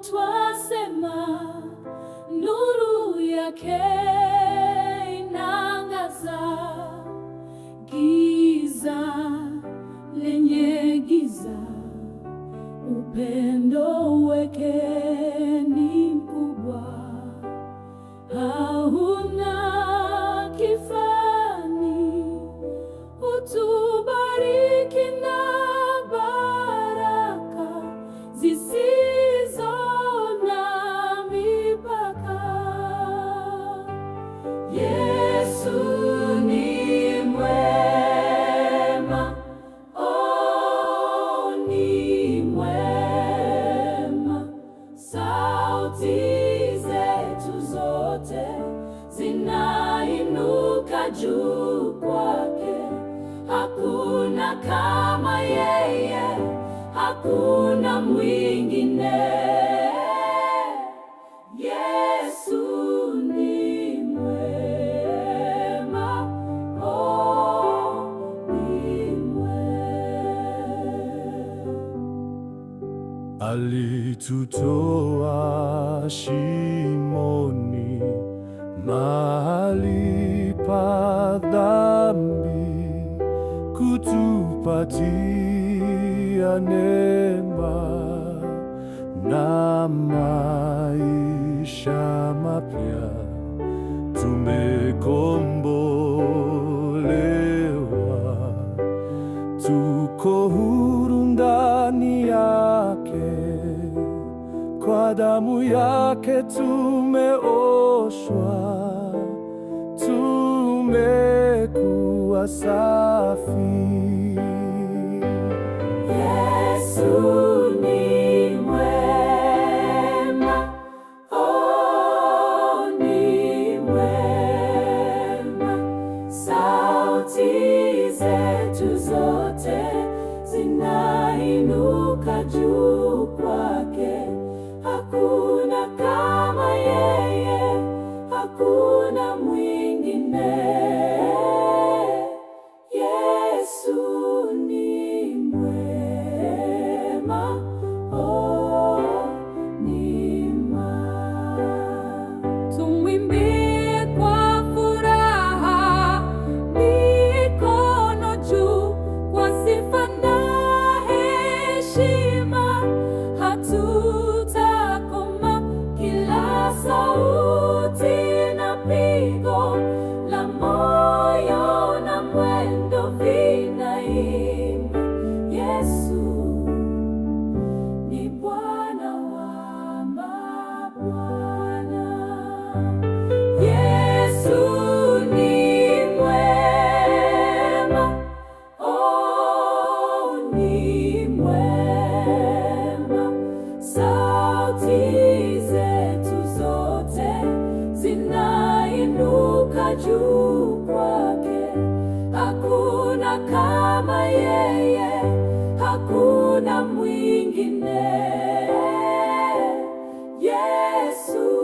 twasema nuru yake inangaza giza lenye giza, upendo weke juu kwake. Hakuna kama yeye, hakuna mwingine. Yesu ni mwema, oh, Alitutoa shimoni mahali pa dhambi kutupatia neema na maisha mapya tumekomboa. Kwa damu yake tumeoshwa, tumekuwa safi. Yesu ni mwema, oh, ni mwema. Sauti zetu zote zinainuka juu kama yeye, hakuna mwingine Yesu.